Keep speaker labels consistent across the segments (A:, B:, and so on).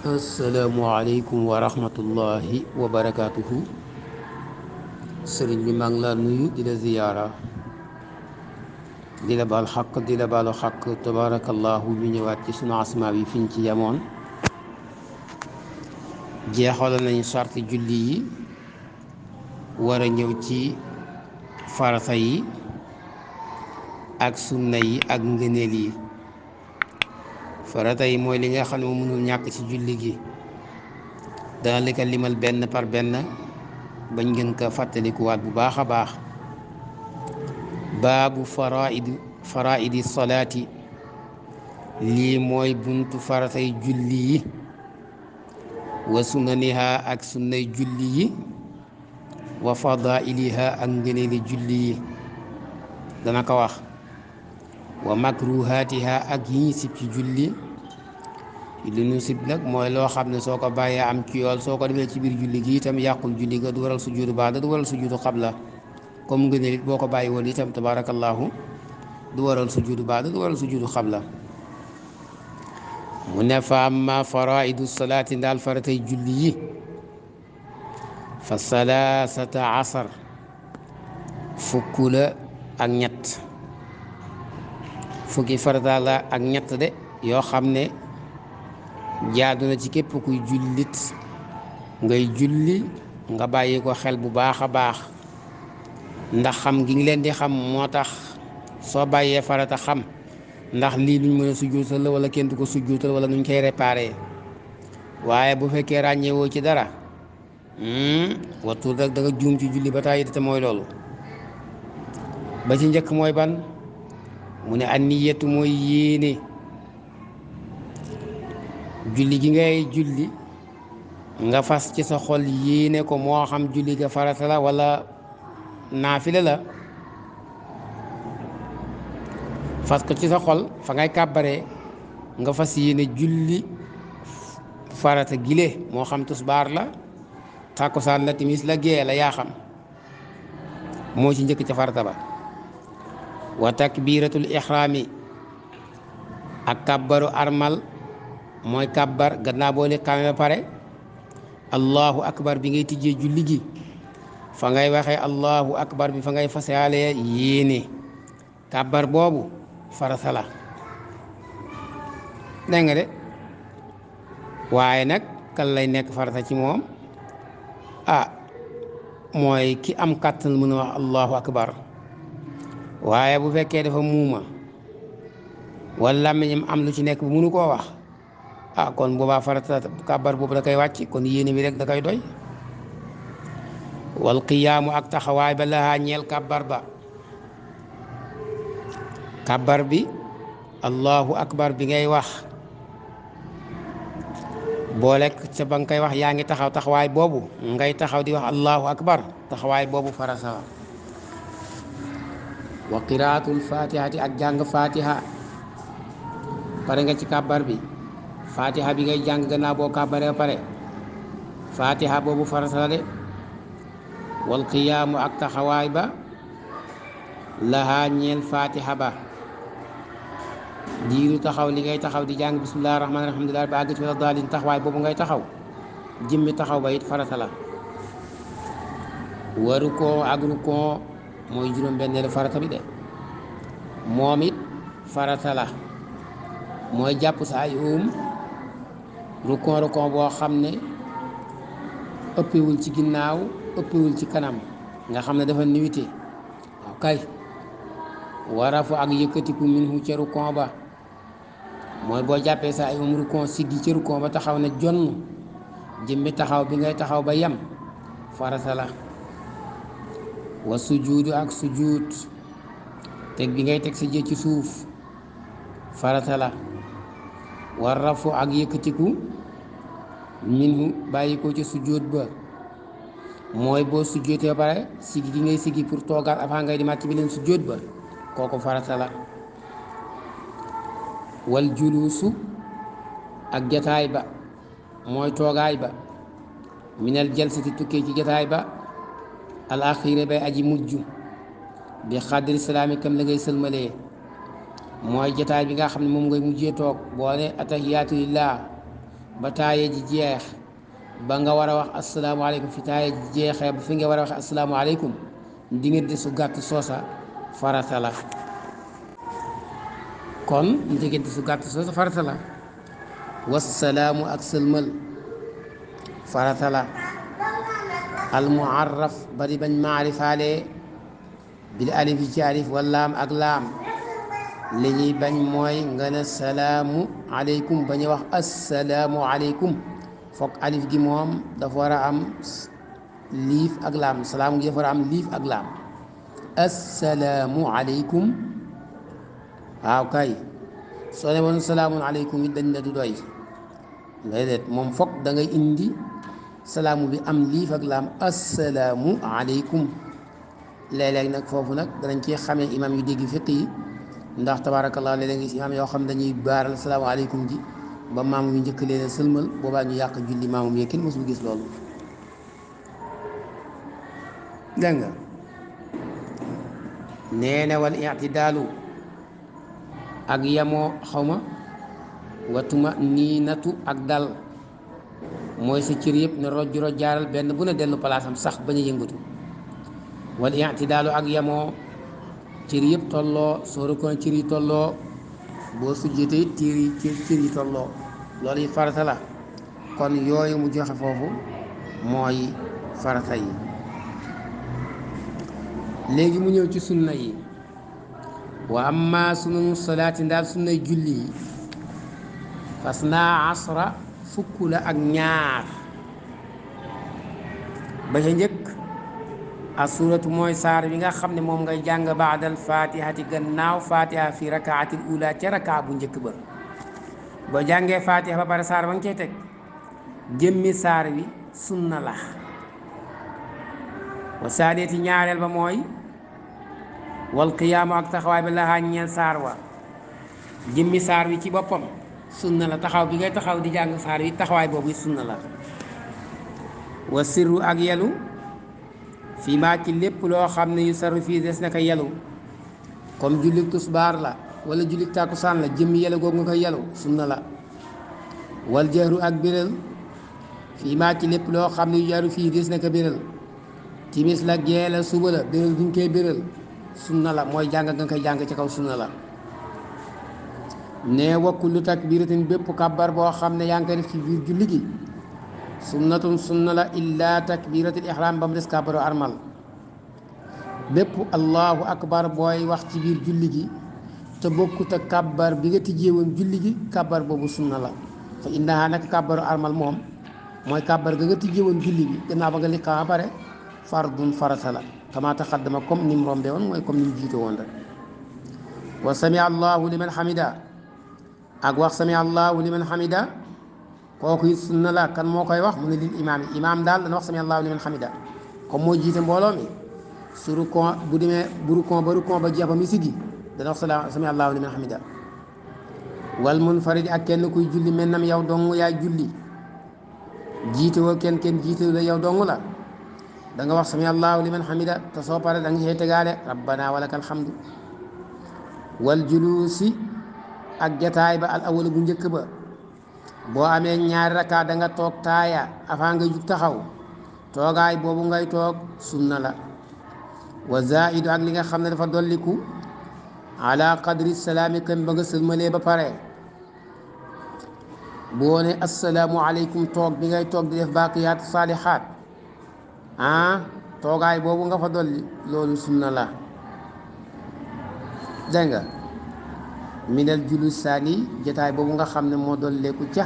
A: asalaamualeykum wa rahmatullahi wa barakaatuhu sëriñ bi maa ngi laa nuyu di la ziyaara di la baal xaq di la baalu xaq tabaarakallahu ñu ñëwaat ci sunu asmaa bi fiñ ci yamoon jeexal nañu sarti julli yi war ñëw ci farata yi ak sunna yi ak ngëneel yi farata yi mooy li nga xam ne moom mënul ñàkk ci julli gi dana li ko limal benn par benn bañ ngeen ko fàttalikuwaat bu baax a baax baabu faraid faraidi salaati lii mooy buntu faratay julli yi wa sunaniha ak sunnay julli yi wa fadailiha ak ngëneeli julli yi dana ko wax wa makruhatiha ak yi ñu sib julli li ñu sib nag mooy loo xam ne soo ko bàyyee am ci yool soo ko defee ci biir julli gi itam yàqul julli ga du waral sujudu ba'da du waral sujudu qabla comme boo ko bàyyi woon itam waral sujudu ba'da du waral sujudu qabla mu ne fa amma faraidu salaati ndaal faratay julli yi fa salaasata asar fukk ak ñett fukki farata la ak ñett de yoo xam ne jaadu na ci kepp kuy jullit ngay julli nga bàyyi ko xel bu baax a baax ndax xam gi ngi leen di xam moo tax soo bàyyee farata xam ndax lii luñ mën a sujjuutal la wala kenn du ko sujjuutal wala nuñ koy réparé waaye bu fekkee ràññeewoo ci dara hmm, wattu rek da juum ci julli ba tàyyi te mooy loolu ba ci njëkk mooy ban mu ne an niyatu mooy yéene julli gi ngay julli nga fas ci sa xol yéene ko moo xam julli ga farata la wala naafila la fas ko ci sa xol fa ngay kàbbaree nga fas yéene julli farata gile moo xam tusbaar la tàkkusaan la timis la gee la yaa xam moo ci njëkk ca farata ba wa takbiratul ixraami ak kabbaru armal mooy kabbar gannaaw boo liqaame ba pare allahu akbar bi ngay tijjee julli fa ngay waxee allahu akbar bi fa ngay fasaale yéene kabbar boobu farata la dégg nga de waaye nag kan lay nekk farata ci moom ah mooy ki am kàttan mën a wax allahu akbar waaye bu fekkee dafa muuma wala làmmiñam am lu ci nekk bu mënu koo wax a ah, kon boobaa farata kàbbar boobu da koy wàcc kon yéene bi rek da koy doy wal qiyaamu ak taxawaay ba lahaa ñeel kàbbar ba kàbbar bi allahu akbar bi ngay wax boo lekk ca ba nga koy wax yaa ngi taxaw taxawaay boobu ngay taxaw di wax allahu akbar taxawaay boobu farata wa qiraatul fatihati ak jàng fatiha pare nga ci kàbbar bi fatiha bi ngay jàng gannaaw boo kàbbaree pare fatiha boobu farata la de wal ak taxawaay ba lahaa ñeel fatiha ba diiru taxaw li ngay taxaw di jàng bismillahi rahmaani rahim alhamdulilah ba àgg ci daalin taxawaay boobu ngay taxaw jëmmi taxaw ba it farata la ak ru mooy juróom-benneelu farata bi de moom it la mooy jàpp sa ay óom rukon rukon boo xam ne ëppewul ci ginnaaw ëppewul ci kanam nga xam ne dafa niwite waaw kay warafu ak yëkkatiku minhu ca rukon ba mooy boo jàppee sa ay óom rukon siggi ca rukon ba taxaw na jonn bi taxaw bi ngay taxaw ba yem farata la wa sujuudu ak sujuud teg bi ngay teg sa jë ci suuf farata war rafu ak yëkkatiku minhu bàyyi ko ci sujuud ba mooy boo sujootee bare sigi di ngay sigi pour toogaat avant ngay di màcc beneen sujoot ba kooku farata la wal juluusu ak jataay ba mooy toogaay ba minal jalsati tukkee ci jataay ba alaaxira bay aji mujj bi xadri salaami kam la ngay sëlmalee mooy jataay bi nga xam ne moom ngay mujjee toog boo ne atahiyaatu lillah ba taaye ji jeex ba nga war a wax asalaamaaleykum fi taaye ji nga war a wax asalaamaaleykum diggante su gàtt soosa farata la kon diggante su gàtt soosa farata la ak sëlmal farata almuarraf bari bañ maarifaale bil alifi ci alif wallaam ak laam li ñuy bañ mooy nga ne salaamu aleykum bañ wax assalaamu aleykum foog alif gi moom dafa war a am liif ak laam salaam gi ak laam assalaamu aleykum waaw kay soo ne woon salaamun aleykum it dañ ne du doy moom foog da indi salaamu bi am liif ak laam assalaamu aleykum léeg nag foofu nag danañ ci xamee imaam yu dégg fiq yi ndax tabaarakallaa léeg-léeg gis imaam yoo xam ne dañuy baaral salaamu aleykum ji ba maamum yu njëkk leen sëlmal boobaa ñu yàq julli maamum yee kenn mosul gis loolu dégg nga nee ak yamoo xawma watuma niinatu ak dal mooy sa cër yëpp ne rojj rojjaaral benn bu ne dellu palaasam sax bañ a yëngatu wal i'tidaalu ak yamoo cër yëpp tolloo soo rukkoon cër tolloo boo sujjatee tiir yi cër yi tolloo loolu yi farata la kon yooyu mu joxe foofu mooy farasa yi léegi mu ñëw ci sunna yi wa amma sunanu salaati ndaal sunnay julli yi fas naa asra fukk la ak ñaar ba ca njëkk assuratu mooy saar bi nga xam ne moom ngay jàng baadal fatihati gannaaw fatiha fi rakaatil ula ca raka bu njëkk ba boo jàngee fatiha ba pare saar ba nga cay teg jëmmi saar wi sunna la wa saadeeti ñaareel ba mooy wal qiyaamu ak taxawaay bi laxaa ñeel saar wa jëmmi saar wi ci boppam sunna la taxaw bi ngay taxaw di jàng saar yi taxawaay boobu sunna la wa ak yelu fii maa ci lépp loo xam ne yu saru fii des na ko yelu comme julli tusbaar la wala julli tàkkusaan la jëmm yelu googu nga ko yelu sunna la wal jahru ak biral fii maa ci lépp loo xam ne yu jaru fii des na ko biral timis la gee la suba la biral duñ koy biral sunna la mooy jàng nga koy jàng ci kaw sunna la ne wa kullu takbiratin bépp kabbar boo xam ne yaa ngi koy def ci biir julli gi sunnatun sunna la illa takbiratul ihram ba mu des kabbaru armal bépp allahu akbar booy wax ci biir julli gi te bokkut ak kabbar bi nga tijjee woon julli gi kabbar boobu sunna la fa innaha nag kabbaru armal moom mooy kabbar ga nga tijjee woon julli gi gannaaw ba nga liqaa ba pare fardun farata la kama taqaddama comme ni mu rombee woon mooy comme ni mu woon rek wa sami allahu liman hamida ak wax sami allahu liman hamida kooku it sunna la kan moo koy wax mu ne lil imaam yi imaam daal dana wax sami allahu liman hamida comme moo jiite mbooloo su rukon bu demee bu rukon ba rukon ba jeex ba mi siggi dana wax sami allahu liman hamida wal munfarid ak kenn kuy julli mel nam yow dong yaay julli kenn kenn jiite la yow dong la da wax sami allahu liman hamida te soo pare da nga cay tegaale rabbana walakal hamdu wal julusi ak jataay ba al awal bu njëkk ba boo amee ñaari rakka da nga toog taaya avant nga jug taxaw toogaay boobu ngay toog sunna la wa ak li nga xam ne dafa dolliku ala qadri salaami kam ba nga sëlmalee ba pare boo ne assalaamu aleykum toog bi ngay toog di def baaqiyaat saalihaat ah toogaay boobu nga fa dolli loolu sunna la dégg minal julusaani jataay boobu nga xam ne moo doon lekku ca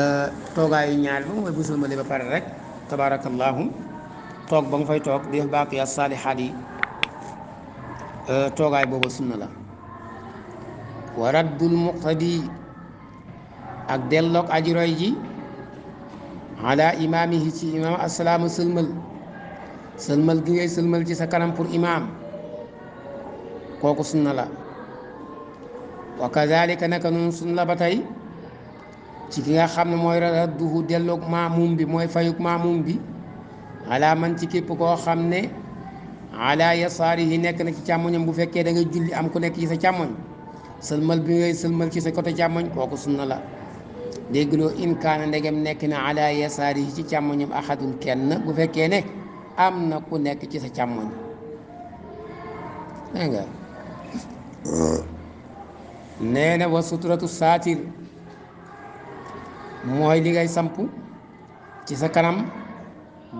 A: euh, toogaayu ñaar ba mooy bu sëlmale ba pare rek tabaarakallaahu toog ba nga fay toog di def baaqiya saalihaat yi euh, toogaay boobu sunna la wa raddul muqtadi ak dellook aji roy ji ala imaamihi ci imaam assalaamu sëlmal sëlmal gi ngay sëlmal ci sa kanam pour imaam kooku sunna la wa kazalika naka noonu suñ la ba tey ci ki nga xam ne mooy radduhu delloog maamum bi mooy fayuk maamum bi ala man ci képp koo xam ne ala yi nekk na ci càmmoñam bu fekkee da ngay julli am ku nekk ci sa càmmoñ sëlmal bi ngay sëlmal ci sa côté càmmoñ kooku sunna la déggloo in kaana nekk na ala yasaarihi ci càmmoñam ahadun kenn bu fekkee ne am na ku nekk ci sa nee na wa suturatu saatir mooy li ngay samp ci sa kanam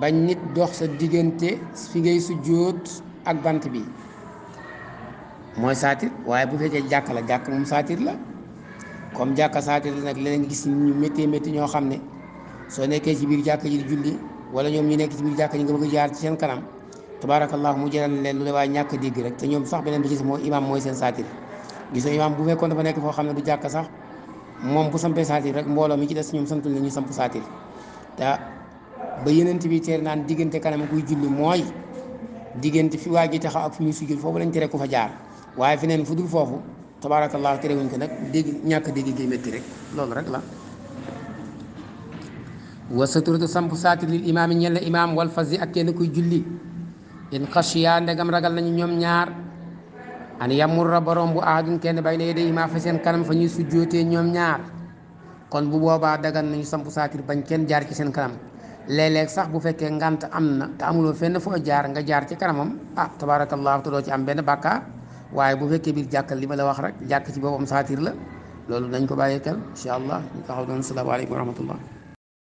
A: ba nit dox sa diggante fi ngay sujjóot ak bant bi mooy saatir waaye bu fekkee jàkk la jàkk moom saatir la comme jàkka saatir la nag leneen gis ñu métti métti ñoo xam ne soo nekkee ci biir jàkk ji di julli wala ñoom ñu nekk ci biir jàkk ji nga bëgg jaar ci seen kanam tabaarakallahu mu jëral leen lu ne ñàkk dégg rek te ñoom sax beneen bi ci moo imaam mooy seen saatir gis nga imaam bu fekkoon dafa nekk foo xam ne du jàkk sax moom bu sampee saatir rek mbooloo mi ci des ñoom santul la ñu samp saatir te ba yeneen ti bi teer naan diggante kanam kuy julli mooy diggante fi waa ji taxaw ak fi muy sujjul foofu lañ tere ku fa jaar waaye feneen fu dul foofu tabaarakallah terewuñ ko nag dégg ñàkk dégg gi métti rek loolu rek la wa saturatu samp saatir lil imaam yi ñel la imaam wal fasi ak kenn kuy julli in xashiya ndegam ragal nañu ñoom ñaar an yamurra borom bu ahadun kenn bay na yedey ma fa seen kanam fa ñuy sujjootee ñoom ñaar kon bu boobaa dagan nañu samp saatir bañ kenn jaar ci seen kanam léeg sax bu fekkee ngant am na te amuloo fenn foo jaar nga jaar ci kanamam ah tabarakallahu te doo ci am benn bàkkaar waaye bu fekkee biir jàkkal li ma la wax rek jàkk ci boppam saatiir la loolu dañ ko bàyyi xel incha allah ñu taxaw doon salaamaaleykum wa rahmatullah